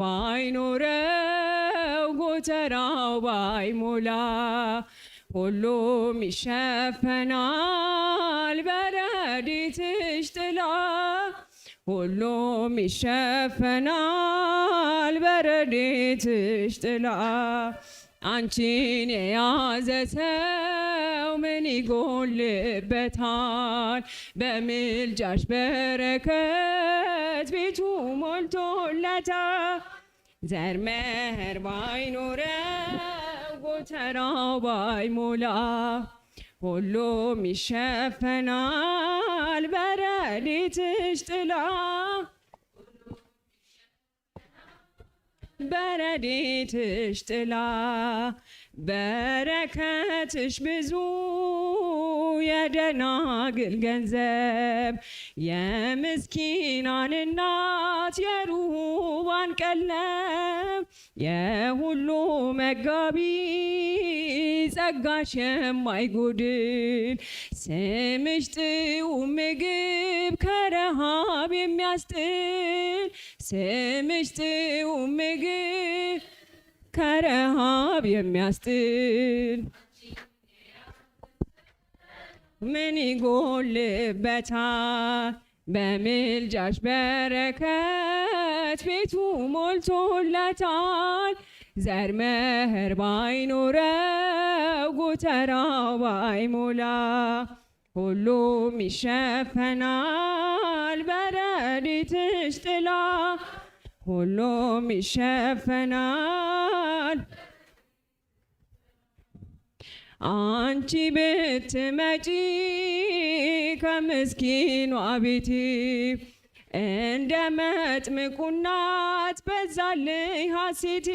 ባይኖረው ጎተራው ባይሞላ ሁሉም ይሸፈናል በረድኤትሽ ጥላ ሁሉም ይሸፈናል በረድኤትሽ ጥላ አንቺን የያዘ ሰው ምን ይጎልበታል? በምልጃሽ በረከት ቤቱ ሞልቶለታል። در مهر وای نوره ترا وای مولا قلو میشه فنال برلی تشتلا برلی تشتلا በረከትሽ ብዙ የደናግል ገንዘብ የምስኪናን እናት የሩባን ቀለብ የሁሉ መጋቢ ጸጋሽ የማይጎድል ስምሽ ጥዑም ምግብ ከረሃብ የሚያስጥል ስምሽ ጥዑም ምግብ ከረሃብ የሚያስጥል ምን ይጎልበታል? በምልጃሽ በረከት ቤቱ ሞልቶለታል። ዘር መኸር ባይኖረው ጎተራው ባይሞላ ሁሉም ይሸፈናል በረድኤትሽ ጥላ ሁሉም ይሸፈናል። አንቺ ብትመጪ ከምስኪኗ ቤቴ እንደ መጥምቁናት በዛልኝ ሐሴቴ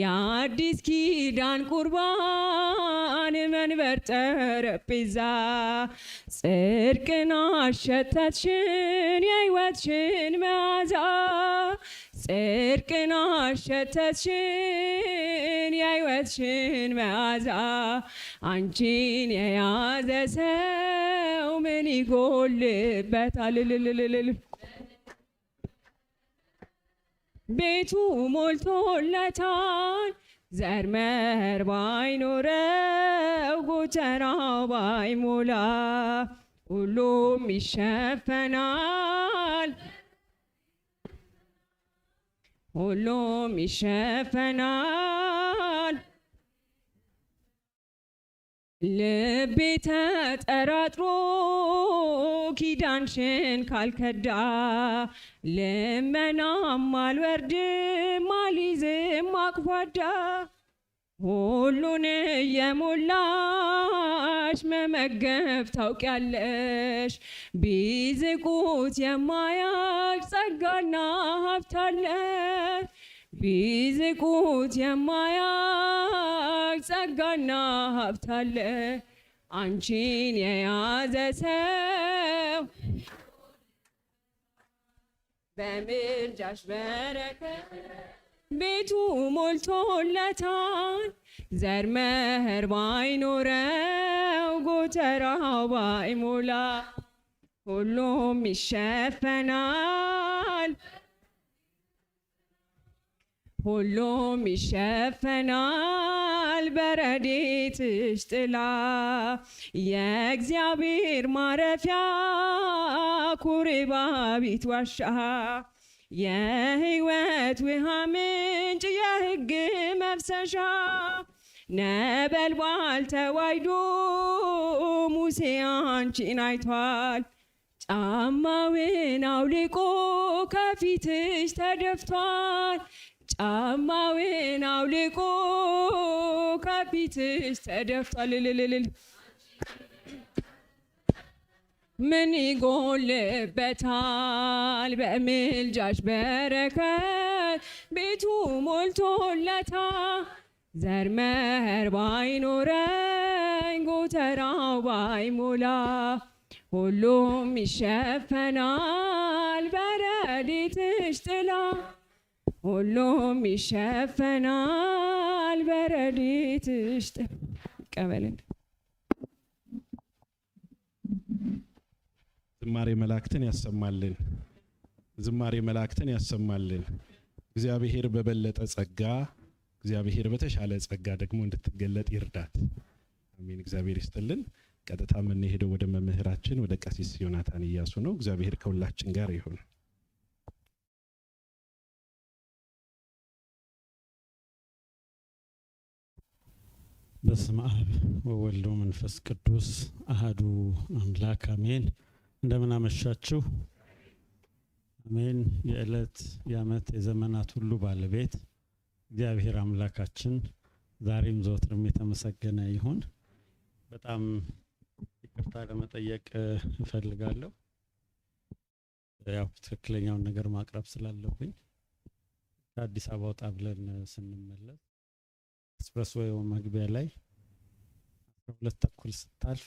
የአዲስ ኪዳን ቁርባን መንበር ጠረጴዛ ጽድቅን አሸተትሽን የሕይወትሽን መዓዛ ጽድቅን አሸተትሽን የሕይወትሽን መዓዛ አንቺን የያዘ ሰው ምን ይጎልበታል? ልልልልል ቤቱ ሞልቶለታል። ዘር መኸር ባይኖረው ጎተራው ባይሞላ ሁሉም ይሸፈናል። ሁሉም ይሸፈናል። ልቤ ተጠራጥሮ ኪዳንሽን ካልከዳ ልመናም አልወርድም አልይዝም አቅፏዳ ሁሉን የሞላሽ መመገብ ታውቂያለሽ፣ ቢዝቁት የማያቅ ጸጋና ሀብታለ ቢዝቁት የማያቅ ጸጋና አለ አንቺን የያዘ ሰው በምልጃሽ በረከት ቤቱ ሞልቶለታል። ዘር መኸር ባይኖረው ጎተራው ባይሞላ ሁሉም ይሸፈናል፣ ሁሉም ይሸፈናል በረድኤትሽ ጥላ የእግዚአብሔር ማረፊያ ኩሬ ባቢት ዋሻ የህይወት ውሃ ምንጭ የህግ መፍሰሻ ነበልባል ተዋይዶ ሙሴ አንቺን አይቷል። ጫማውን አውልቆ ከፊትሽ ተደፍቷል። ጫማውን አውልቆ ከፊትሽ ተደፍቷል። ልልልልል ምን ይጎልበታል? በምልጃሽ በረከት ቤቱ ሞልቶለታ ዘር መኸር ባይኖረኝ ጎተራው ባይሞላ ሁሉም ይሸፈናል በረድኤትሽ ጥላ ሁሉም ይሸፈናል በረድኤትሽ ጥላ ይቀበልን ዝማሬ መላእክትን ያሰማልን። ዝማሬ መላእክትን ያሰማልን። እግዚአብሔር በበለጠ ጸጋ፣ እግዚአብሔር በተሻለ ጸጋ ደግሞ እንድትገለጥ ይርዳት። አሜን። እግዚአብሔር ይስጥልን። ቀጥታ የምንሄደው ወደ መምህራችን ወደ ቀሲስ ዮናታን እያሱ ነው። እግዚአብሔር ከሁላችን ጋር ይሁን። በስመ አብ ወወልድ ወመንፈስ ቅዱስ አህዱ አምላክ አሜን። እንደምን አመሻችሁ። አሜን። የዕለት የዓመት የዘመናት ሁሉ ባለቤት እግዚአብሔር አምላካችን ዛሬም ዘወትርም የተመሰገነ ይሁን። በጣም ይቅርታ ለመጠየቅ እፈልጋለሁ። ያው ትክክለኛውን ነገር ማቅረብ ስላለብኝ ከአዲስ አበባ ወጣ ብለን ስንመለስ ኤክስፕረስ ወይ መግቢያ ላይ አስራ ሁለት ተኩል ስታልፍ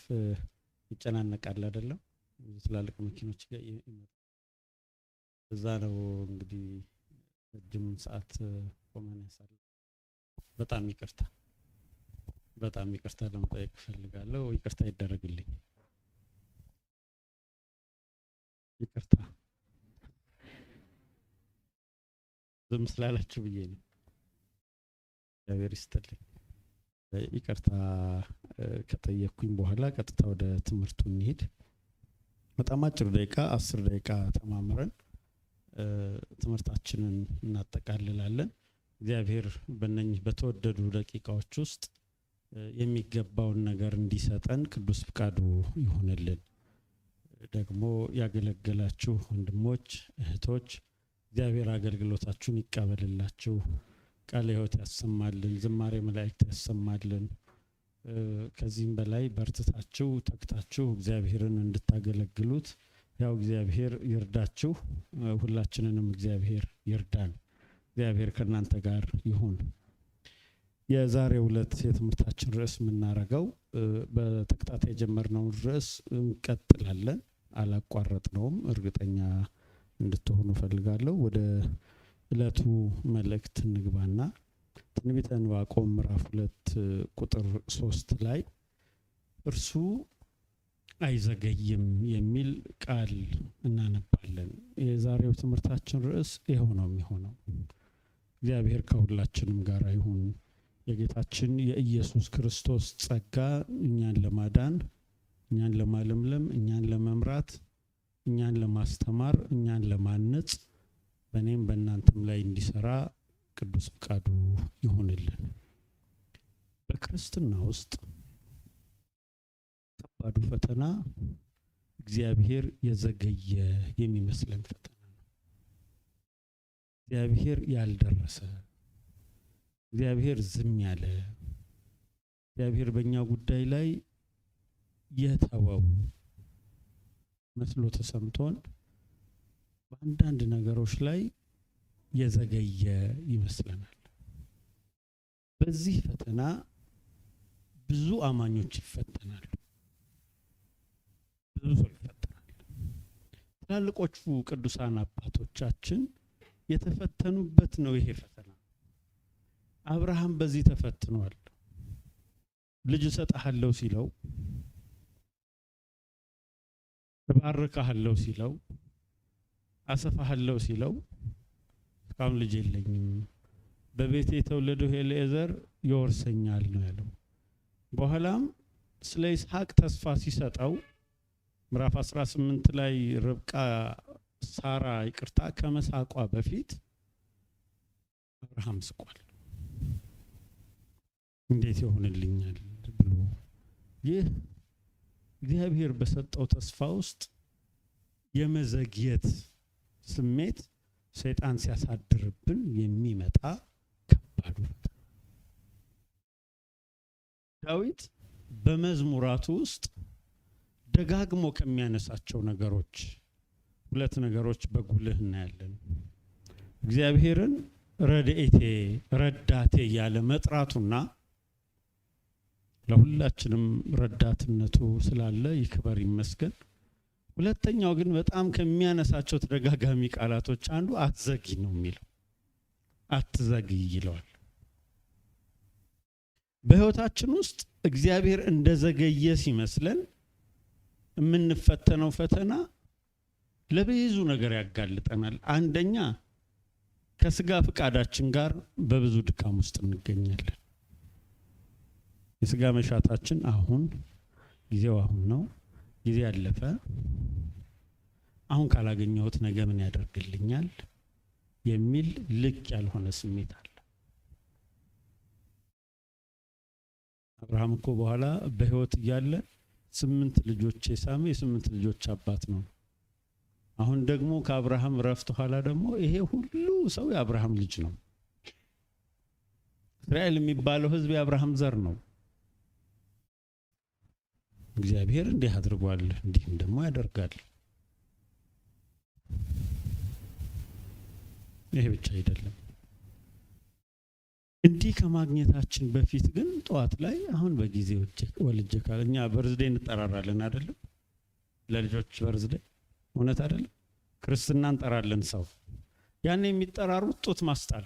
ይጨናነቃል አይደለም ትላልቅ መኪኖች ጋር እዛ ነው እንግዲህ ረጅም ሰዓት ቆመን ያሳለ። በጣም ይቅርታ በጣም ይቅርታ ለመጠየቅ እፈልጋለሁ። ይቅርታ ይደረግልኝ። ይቅርታ ዝም ስላላችሁ ብዬ ነው። እግዚአብሔር ይስጥልኝ። ይቅርታ ከጠየቅኩኝ በኋላ ቀጥታ ወደ ትምህርቱ እንሂድ። በጣም አጭር ደቂቃ አስር ደቂቃ ተማምረን ትምህርታችንን እናጠቃልላለን። እግዚአብሔር በነህ በተወደዱ ደቂቃዎች ውስጥ የሚገባውን ነገር እንዲሰጠን ቅዱስ ፍቃዱ ይሆንልን። ደግሞ ያገለገላችሁ ወንድሞች እህቶች፣ እግዚአብሔር አገልግሎታችሁን ይቀበልላችሁ፣ ቃለ ሕይወት ያሰማልን፣ ዝማሬ መላእክት ያሰማልን። ከዚህም በላይ በርትታችሁ ተግታችሁ እግዚአብሔርን እንድታገለግሉት ያው እግዚአብሔር ይርዳችሁ። ሁላችንንም እግዚአብሔር ይርዳን። እግዚአብሔር ከእናንተ ጋር ይሁን። የዛሬው ሁለት የትምህርታችን ርዕስ የምናረገው በተከታታይ የጀመርነውን ርዕስ እንቀጥላለን። አላቋረጥነውም። እርግጠኛ እንድትሆኑ እፈልጋለሁ። ወደ ዕለቱ መልእክት እንግባና ትንቢተ ዕንባቆም ምዕራፍ ሁለት ቁጥር ሶስት ላይ እርሱ አይዘገይም የሚል ቃል እናነባለን። የዛሬው ትምህርታችን ርዕስ ይኸው ነው የሚሆነው። እግዚአብሔር ከሁላችንም ጋር ይሁን። የጌታችን የኢየሱስ ክርስቶስ ጸጋ እኛን ለማዳን እኛን ለማለምለም እኛን ለመምራት እኛን ለማስተማር እኛን ለማነጽ በእኔም በእናንተም ላይ እንዲሰራ ቅዱስ ፈቃዱ ይሆንልን። በክርስትና ውስጥ ከባዱ ፈተና እግዚአብሔር የዘገየ የሚመስለን ፈተና ነው። እግዚአብሔር ያልደረሰ፣ እግዚአብሔር ዝም ያለ፣ እግዚአብሔር በእኛ ጉዳይ ላይ የተወው መስሎ ተሰምቶን በአንዳንድ ነገሮች ላይ የዘገየ ይመስለናል። በዚህ ፈተና ብዙ አማኞች ይፈተናሉ። ብዙ ሰው ይፈተናል። ትላልቆቹ ቅዱሳን አባቶቻችን የተፈተኑበት ነው ይሄ ፈተና። አብርሃም በዚህ ተፈትኗል። ልጅ እሰጥሃለሁ ሲለው እባርካሃለሁ ሲለው አሰፋሃለሁ ሲለው ካም ልጅ የለኝም በቤት የተወለደው ኤልኤዘር ይወርሰኛል ነው ያለው። በኋላም ስለ ይስሐቅ ተስፋ ሲሰጠው ምዕራፍ 18 ላይ ርብቃ ሳራ ይቅርታ ከመሳቋ በፊት አብርሃም ስቋል። እንዴት ይሆንልኛል ብሎ ይህ እግዚአብሔር በሰጠው ተስፋ ውስጥ የመዘግየት ስሜት ሰይጣን ሲያሳድርብን የሚመጣ ከባዱ ዳዊት በመዝሙራቱ ውስጥ ደጋግሞ ከሚያነሳቸው ነገሮች ሁለት ነገሮች በጉልህ እናያለን። እግዚአብሔርን ረድኤቴ ረዳቴ እያለ መጥራቱና ለሁላችንም ረዳትነቱ ስላለ ይክበር ይመስገን። ሁለተኛው ግን በጣም ከሚያነሳቸው ተደጋጋሚ ቃላቶች አንዱ አትዘግይ ነው የሚለው። አትዘግይ ይለዋል። በህይወታችን ውስጥ እግዚአብሔር እንደዘገየ ሲመስለን የምንፈተነው ፈተና ለብዙ ነገር ያጋልጠናል። አንደኛ ከስጋ ፍቃዳችን ጋር በብዙ ድካም ውስጥ እንገኛለን። የስጋ መሻታችን አሁን ጊዜው አሁን ነው ጊዜ አለፈ። አሁን ካላገኘሁት ነገ ምን ያደርግልኛል የሚል ልቅ ያልሆነ ስሜት አለ። አብርሃም እኮ በኋላ በህይወት እያለ ስምንት ልጆች የሳመ የስምንት ልጆች አባት ነው። አሁን ደግሞ ከአብርሃም ረፍት ኋላ ደግሞ ይሄ ሁሉ ሰው የአብርሃም ልጅ ነው። እስራኤል የሚባለው ህዝብ የአብርሃም ዘር ነው። እግዚአብሔር እንዲህ አድርጓል፣ እንዲህም ደግሞ ያደርጋል። ይሄ ብቻ አይደለም። እንዲህ ከማግኘታችን በፊት ግን ጠዋት ላይ አሁን በጊዜ ወልጄ ካለ እኛ በርዝዴ እንጠራራለን አይደለም? ለልጆች በርዝዴ እውነት አይደለም? ክርስትና እንጠራለን ሰው ያኔ የሚጠራሩት ጡት ማስጣል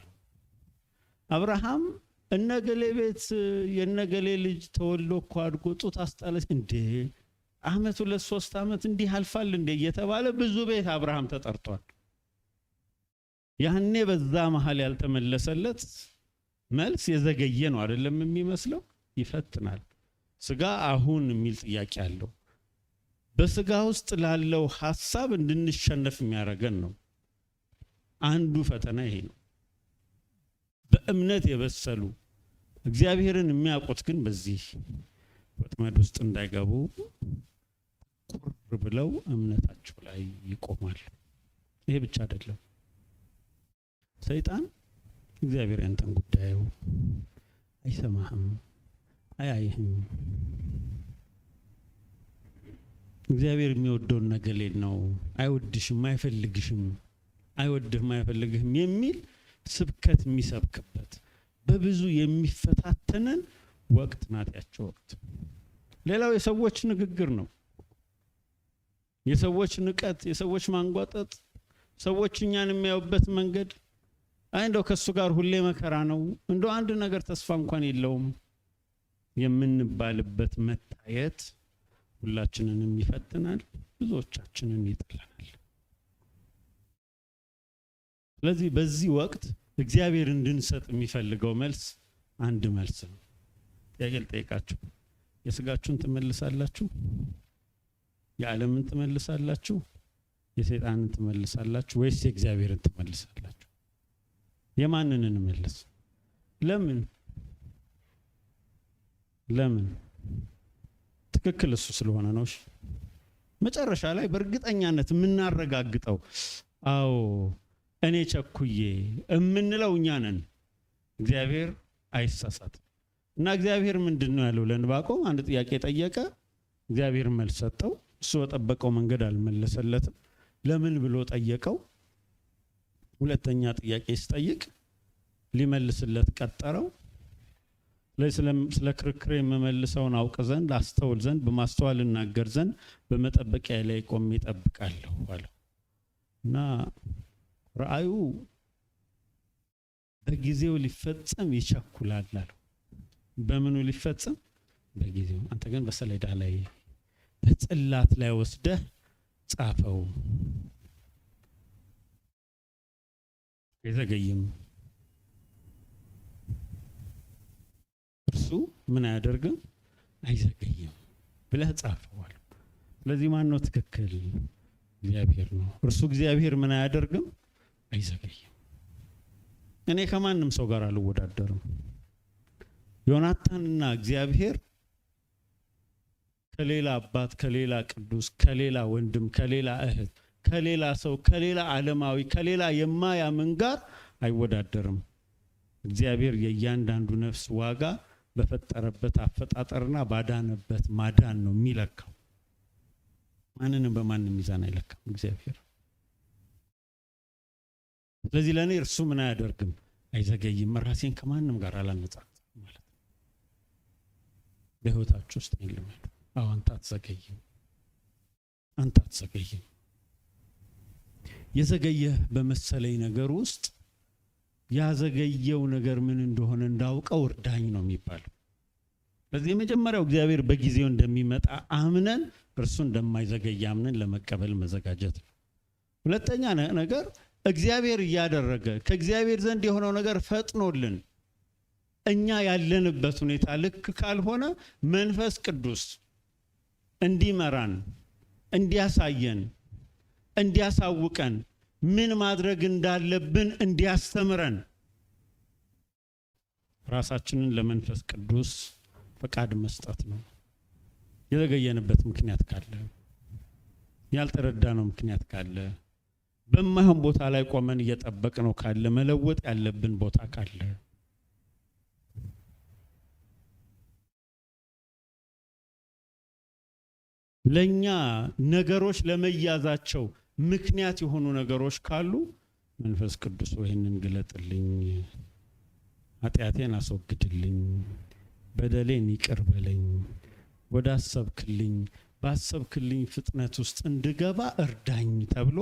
አብርሃም እነገሌ ቤት የነገሌ ልጅ ተወልዶ እኮ አድጎ ጡት አስጣለች እንዴ አመት ሁለት ሶስት አመት እንዲህ አልፋል እንዴ እየተባለ ብዙ ቤት አብርሃም ተጠርቷል። ያኔ በዛ መሀል ያልተመለሰለት መልስ የዘገየ ነው አይደለም የሚመስለው ይፈትናል። ስጋ አሁን የሚል ጥያቄ አለው። በስጋ ውስጥ ላለው ሀሳብ እንድንሸነፍ የሚያደርገን ነው። አንዱ ፈተና ይሄ ነው። በእምነት የበሰሉ እግዚአብሔርን የሚያውቁት ግን በዚህ ወጥመድ ውስጥ እንዳይገቡ ቁር ብለው እምነታቸው ላይ ይቆማል። ይሄ ብቻ አይደለም። ሰይጣን እግዚአብሔር ያንተን ጉዳዩ አይሰማህም፣ አያይህም። እግዚአብሔር የሚወደውን ነገሌል ነው፣ አይወድሽም፣ አይፈልግሽም፣ አይወድህም፣ አይፈልግህም የሚል ስብከት የሚሰብክበት በብዙ የሚፈታተንን ወቅት ናት ያቸው ወቅት። ሌላው የሰዎች ንግግር ነው። የሰዎች ንቀት፣ የሰዎች ማንጓጠጥ፣ ሰዎች እኛን የሚያዩበት መንገድ አይ እንደው ከእሱ ጋር ሁሌ መከራ ነው፣ እንደው አንድ ነገር ተስፋ እንኳን የለውም የምንባልበት መታየት ሁላችንንም ይፈትናል፣ ብዙዎቻችንን ይጥለናል። ስለዚህ በዚህ ወቅት እግዚአብሔር እንድንሰጥ የሚፈልገው መልስ አንድ መልስ ነው። ጥያቄ ልጠይቃችሁ። የስጋችሁን ትመልሳላችሁ? የዓለምን ትመልሳላችሁ? የሰይጣንን ትመልሳላችሁ? ወይስ የእግዚአብሔርን ትመልሳላችሁ? የማንን እንመልስ? ለምን ለምን? ትክክል እሱ ስለሆነ ነው። መጨረሻ ላይ በእርግጠኛነት የምናረጋግጠው አዎ እኔ ቸኩዬ እምንለው እኛ ነን። እግዚአብሔር አይሳሳትም። እና እግዚአብሔር ምንድን ነው ያለው? ለዕንባቆም አንድ ጥያቄ ጠየቀ። እግዚአብሔር መልስ ሰጠው። እሱ በጠበቀው መንገድ አልመለሰለትም። ለምን ብሎ ጠየቀው። ሁለተኛ ጥያቄ ሲጠይቅ ሊመልስለት ቀጠረው። ስለ ክርክር የምመልሰውን አውቅ ዘንድ አስተውል ዘንድ በማስተዋል እናገር ዘንድ በመጠበቂያ ላይ ቆሜ እጠብቃለሁ አለው እና ራእዩ በጊዜው ሊፈጸም ይቸኩላል አሉ። በምኑ ሊፈጸም? በጊዜው። አንተ ግን በሰሌዳ ላይ በጽላት ላይ ወስደህ ጻፈው፣ አይዘገይም። እርሱ ምን አያደርግም? አይዘገይም ብለህ ጻፈዋል። ስለዚህ ማን ነው ትክክል? እግዚአብሔር ነው። እርሱ እግዚአብሔር ምን አያደርግም አይዘገይም። እኔ ከማንም ሰው ጋር አልወዳደርም። ዮናታንና እግዚአብሔር ከሌላ አባት፣ ከሌላ ቅዱስ፣ ከሌላ ወንድም፣ ከሌላ እህት፣ ከሌላ ሰው፣ ከሌላ ዓለማዊ፣ ከሌላ የማያምን ጋር አይወዳደርም። እግዚአብሔር የእያንዳንዱ ነፍስ ዋጋ በፈጠረበት አፈጣጠርና ባዳነበት ማዳን ነው የሚለካው። ማንንም በማንም ሚዛን አይለካም እግዚአብሔር። ስለዚህ ለእኔ እርሱ ምን አያደርግም አይዘገይም፣ ራሴን ከማንም ጋር አላነጻጽ ማለት ነው። በህይወታችሁ ውስጥ ልመድ። አዎ አንተ አትዘገይም፣ አንተ አትዘገይም። የዘገየህ በመሰለኝ ነገር ውስጥ ያዘገየው ነገር ምን እንደሆነ እንዳውቀው እርዳኝ ነው የሚባለው። በዚህ የመጀመሪያው እግዚአብሔር በጊዜው እንደሚመጣ አምነን እርሱ እንደማይዘገይ አምነን ለመቀበል መዘጋጀት ነው። ሁለተኛ ነገር እግዚአብሔር እያደረገ ከእግዚአብሔር ዘንድ የሆነው ነገር ፈጥኖልን እኛ ያለንበት ሁኔታ ልክ ካልሆነ መንፈስ ቅዱስ እንዲመራን፣ እንዲያሳየን፣ እንዲያሳውቀን ምን ማድረግ እንዳለብን እንዲያስተምረን ራሳችንን ለመንፈስ ቅዱስ ፈቃድ መስጠት ነው። የዘገየንበት ምክንያት ካለ ያልተረዳነው ምክንያት ካለ በማይሆን ቦታ ላይ ቆመን እየጠበቅ ነው ካለ መለወጥ ያለብን ቦታ ካለ ለኛ ነገሮች ለመያዛቸው ምክንያት የሆኑ ነገሮች ካሉ መንፈስ ቅዱስ ይህንን ግለጥልኝ፣ ኃጢአቴን አስወግድልኝ፣ በደሌን ይቅር ወደ አሰብክልኝ ባሰብክልኝ ፍጥነት ውስጥ እንድገባ እርዳኝ ተብሎ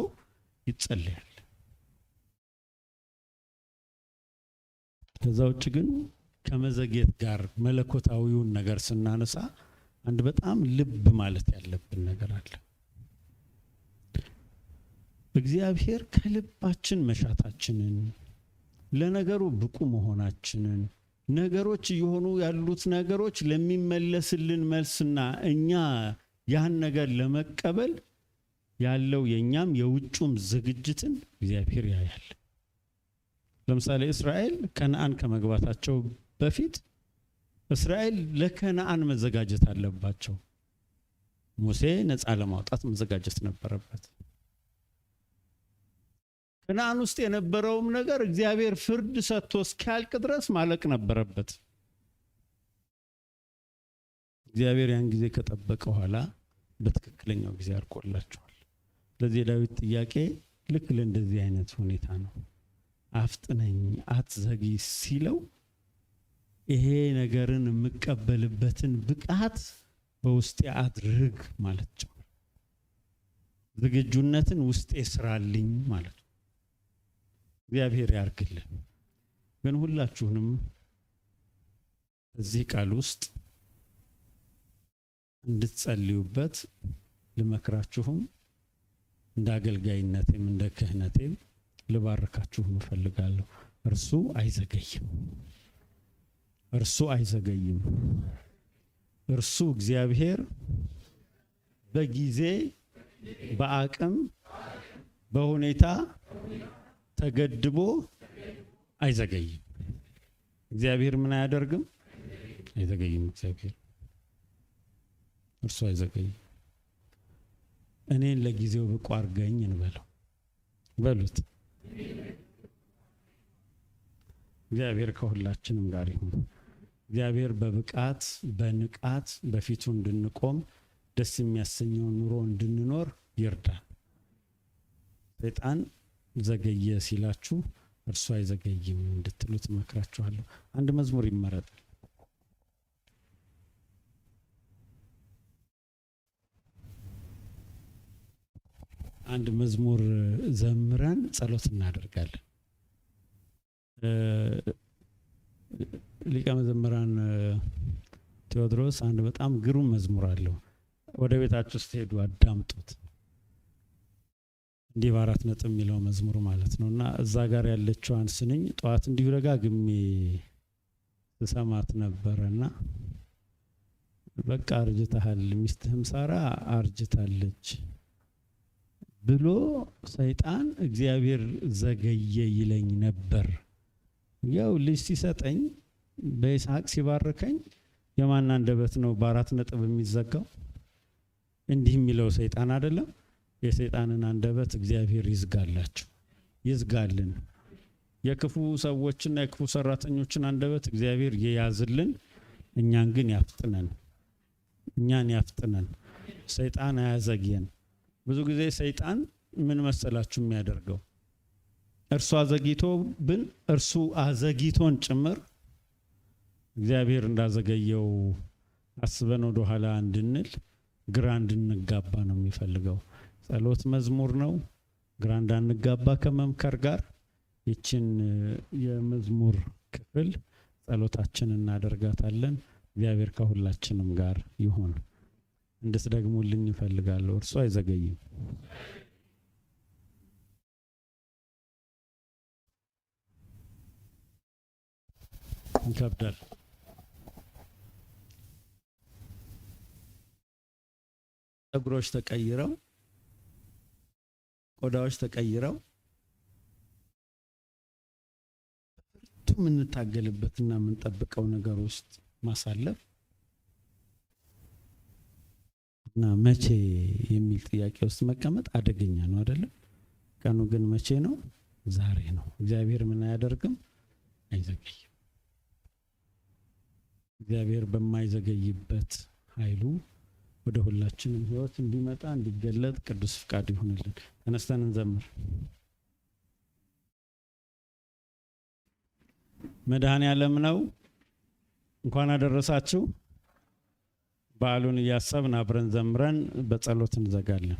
ይጸለያል። ከዛ ውጭ ግን ከመዘግየት ጋር መለኮታዊውን ነገር ስናነሳ አንድ በጣም ልብ ማለት ያለብን ነገር አለ። እግዚአብሔር ከልባችን መሻታችንን ለነገሩ ብቁ መሆናችንን ነገሮች እየሆኑ ያሉት ነገሮች ለሚመለስልን መልስና እኛ ያን ነገር ለመቀበል ያለው የእኛም የውጩም ዝግጅትን እግዚአብሔር ያያል። ለምሳሌ እስራኤል ከነአን ከመግባታቸው በፊት እስራኤል ለከነአን መዘጋጀት አለባቸው። ሙሴ ነፃ ለማውጣት መዘጋጀት ነበረበት። ከነአን ውስጥ የነበረውም ነገር እግዚአብሔር ፍርድ ሰጥቶ እስኪያልቅ ድረስ ማለቅ ነበረበት። እግዚአብሔር ያን ጊዜ ከጠበቀ ኋላ በትክክለኛው ጊዜ አርቆላቸው ስለዚህ የዳዊት ጥያቄ ልክ ለእንደዚህ አይነት ሁኔታ ነው። አፍጥነኝ አትዘጊ ሲለው ይሄ ነገርን የምቀበልበትን ብቃት በውስጤ አድርግ ማለት ጭምር ዝግጁነትን ውስጤ ስራልኝ ማለት ነው። እግዚአብሔር ያርግልን። ግን ሁላችሁንም እዚህ ቃል ውስጥ እንድትጸልዩበት ልመክራችሁም እንደ አገልጋይነቴም እንደ ክህነቴም ልባርካችሁ እፈልጋለሁ። እርሱ አይዘገይም። እርሱ አይዘገይም። እርሱ እግዚአብሔር በጊዜ በአቅም በሁኔታ ተገድቦ አይዘገይም። እግዚአብሔር ምን አያደርግም? አይዘገይም። እግዚአብሔር እርሱ አይዘገይም። እኔን ለጊዜው ብቁ አድርገኝ እንበለው በሉት። እግዚአብሔር ከሁላችንም ጋር ይሁን። እግዚአብሔር በብቃት በንቃት በፊቱ እንድንቆም ደስ የሚያሰኘውን ኑሮ እንድንኖር ይርዳል። ሰይጣን ዘገየ ሲላችሁ እርሱ አይዘገይም እንድትሉት እመክራችኋለሁ። አንድ መዝሙር ይመረጣል። አንድ መዝሙር ዘምረን ጸሎት እናደርጋለን። ሊቀ መዘምራን ቴዎድሮስ አንድ በጣም ግሩም መዝሙር አለው። ወደ ቤታችሁ ስትሄዱ አዳምጡት። እንዲህ በአራት ነጥብ የሚለው መዝሙር ማለት ነው እና እዛ ጋር ያለችዋን ስንኝ ጠዋት እንዲሁ ደጋግሜ ስሰማት ነበረ በቃ አርጅተሃል፣ ሚስትህም ሳራ አርጅታለች ብሎ ሰይጣን እግዚአብሔር ዘገየ ይለኝ ነበር። ያው ልጅ ሲሰጠኝ በይስሐቅ ሲባርከኝ የማን አንደበት ነው በአራት ነጥብ የሚዘጋው? እንዲህ የሚለው ሰይጣን አይደለም። የሰይጣንን አንደበት እግዚአብሔር ይዝጋላችሁ፣ ይዝጋልን። የክፉ ሰዎችና የክፉ ሰራተኞችን አንደበት እግዚአብሔር የያዝልን፣ እኛን ግን ያፍጥነን፣ እኛን ያፍጥነን። ሰይጣን አያዘግየን። ብዙ ጊዜ ሰይጣን ምን መሰላችሁ የሚያደርገው እርሱ አዘግይቶ ብን እርሱ አዘግይቶን ጭምር እግዚአብሔር እንዳዘገየው አስበን ወደ ኋላ እንድንል ግራ እንድንጋባ ነው የሚፈልገው። ጸሎት መዝሙር ነው። ግራ እንዳንጋባ ከመምከር ጋር ይችን የመዝሙር ክፍል ጸሎታችን እናደርጋታለን። እግዚአብሔር ከሁላችንም ጋር ይሁን። እንድትደግሙልኝ እፈልጋለሁ። እርሱ አይዘገይም። ይከብዳል። ጸጉሮች ተቀይረው ቆዳዎች ተቀይረው በብርቱ የምንታገልበትና የምንጠብቀው ነገር ውስጥ ማሳለፍ እና መቼ የሚል ጥያቄ ውስጥ መቀመጥ አደገኛ ነው አይደለም? ቀኑ ግን መቼ ነው? ዛሬ ነው። እግዚአብሔር ምን አያደርግም? አይዘገይም። እግዚአብሔር በማይዘገይበት ኃይሉ ወደ ሁላችንም ሕይወት እንዲመጣ እንዲገለጥ ቅዱስ ፍቃድ ይሆንልን። ተነስተን እንዘምር። መድኃኔ ዓለም ነው። እንኳን አደረሳችሁ። በዓሉን እያሰብን አብረን ዘምረን በጸሎት እንዘጋለን።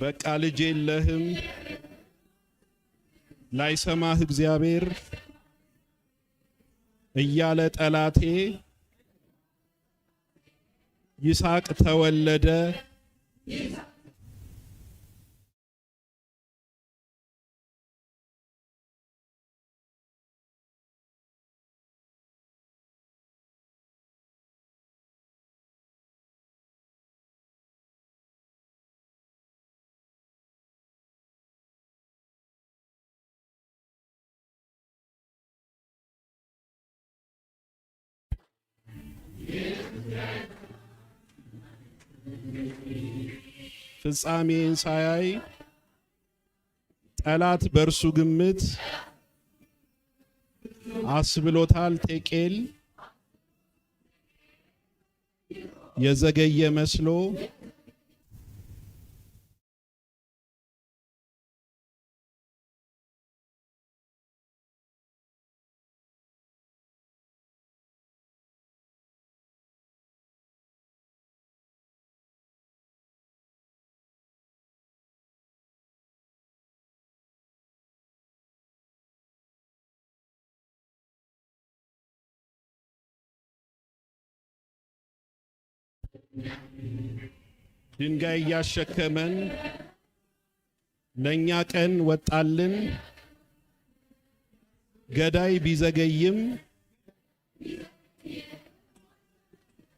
በቃ ልጅ የለህም ላይሰማህ እግዚአብሔር እያለ ጠላቴ ይስሐቅ ተወለደ። ፍጻሜን ሳያይ ጠላት በእርሱ ግምት አስብሎታል። ቴቄል የዘገየ መስሎ ድንጋይ እያሸከመን ለእኛ ቀን ወጣልን። ገዳይ ቢዘገይም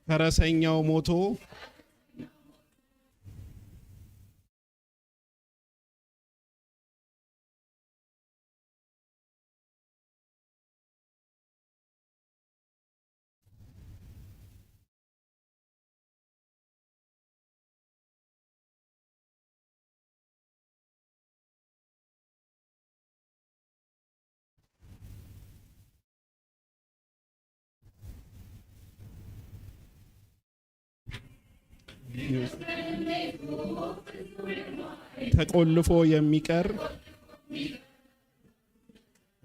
ፈረሰኛው ሞቶ ተቆልፎ የሚቀር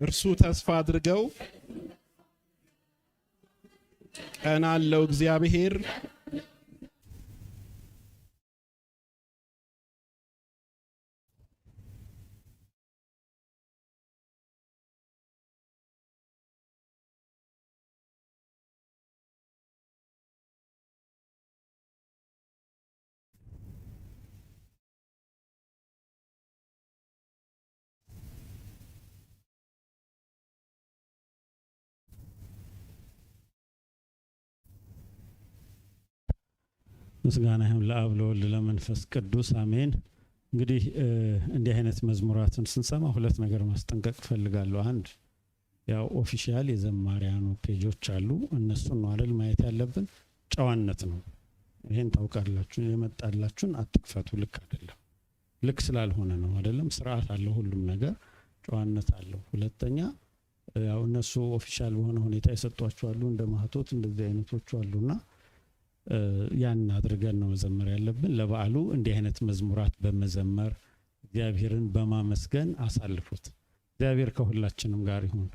እርሱ ተስፋ አድርገው ቀናለው እግዚአብሔር ምስጋና ይሁን ለአብ ለወልድ ለመንፈስ ቅዱስ አሜን። እንግዲህ እንዲህ አይነት መዝሙራትን ስንሰማ ሁለት ነገር ማስጠንቀቅ እፈልጋለሁ። አንድ ያው ኦፊሻል የዘማሪያኑ ፔጆች አሉ። እነሱን ነው አይደል ማየት ያለብን። ጨዋነት ነው። ይህን ታውቃላችሁ። የመጣላችሁን አትክፈቱ። ልክ አይደለም። ልክ ስላልሆነ ነው አይደለም። ስርዓት አለው ሁሉም ነገር፣ ጨዋነት አለው። ሁለተኛ ያው እነሱ ኦፊሻል በሆነ ሁኔታ የሰጧቸዋሉ። እንደ ማህቶት እንደዚህ አይነቶቹ አሉና ያን አድርገን ነው መዘመር ያለብን። ለበዓሉ እንዲህ አይነት መዝሙራት በመዘመር እግዚአብሔርን በማመስገን አሳልፉት። እግዚአብሔር ከሁላችንም ጋር ይሁን።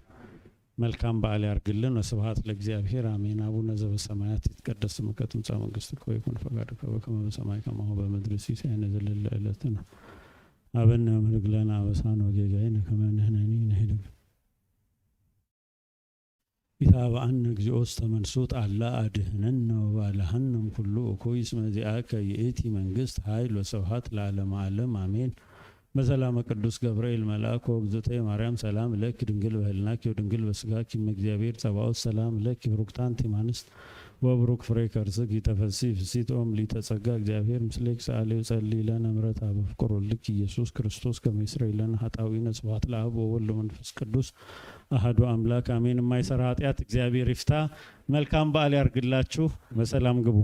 መልካም በዓል ያርግልን። ወስብሐት ለእግዚአብሔር አሜን። አቡነ ዘበሰማያት ይትቀደስ ስምከ ትምጻእ መንግሥትከ ወይኩን ፈቃድከ በከመ በሰማይ ከማሁ በምድር ሲሳየነ ዘለለ ዕለትነ ሀበነ ሀበ ንኅነግ ለነ አበሳነ ወጌጋየነ ከመ ንሕነኒ ንኅድግ ኢታብአነ እግዚኦ ዝተመንሱ ጣላ አድህነነ ወባልሐነ ኩሉ እኩይ እስመ ዚአከ ይእቲ መንግሥት ኃይል ወስብሐት ለዓለመ ዓለም አሜን። በሰላመ ቅዱስ ገብርኤል መልአክ ወእግዝእትየ ማርያም ሰላም ለኪ ድንግል በህልናኪ ወድንግል በስጋኪ እም እግዚአብሔር ጸባኦት ሰላም ለኪ ብሩክታንቲ እማንስት ወብሩክ ፍሬ ከርስክ ተፈሲ ፍሲቶም ሊተጸጋ እግዚአብሔር ምስሌክ ሰአሌ ጸሊ ለነ ምረት አበፍቅሮ ልክ ኢየሱስ ክርስቶስ ከመይስረ ለነ ሀጣዊ ነጽባት ለአብ ወወልድ መንፈስ ቅዱስ አህዶ አምላክ አሜን። የማይሰራ ኃጢአት እግዚአብሔር ይፍታ። መልካም በዓል ያርግላችሁ። በሰላም ግቡ።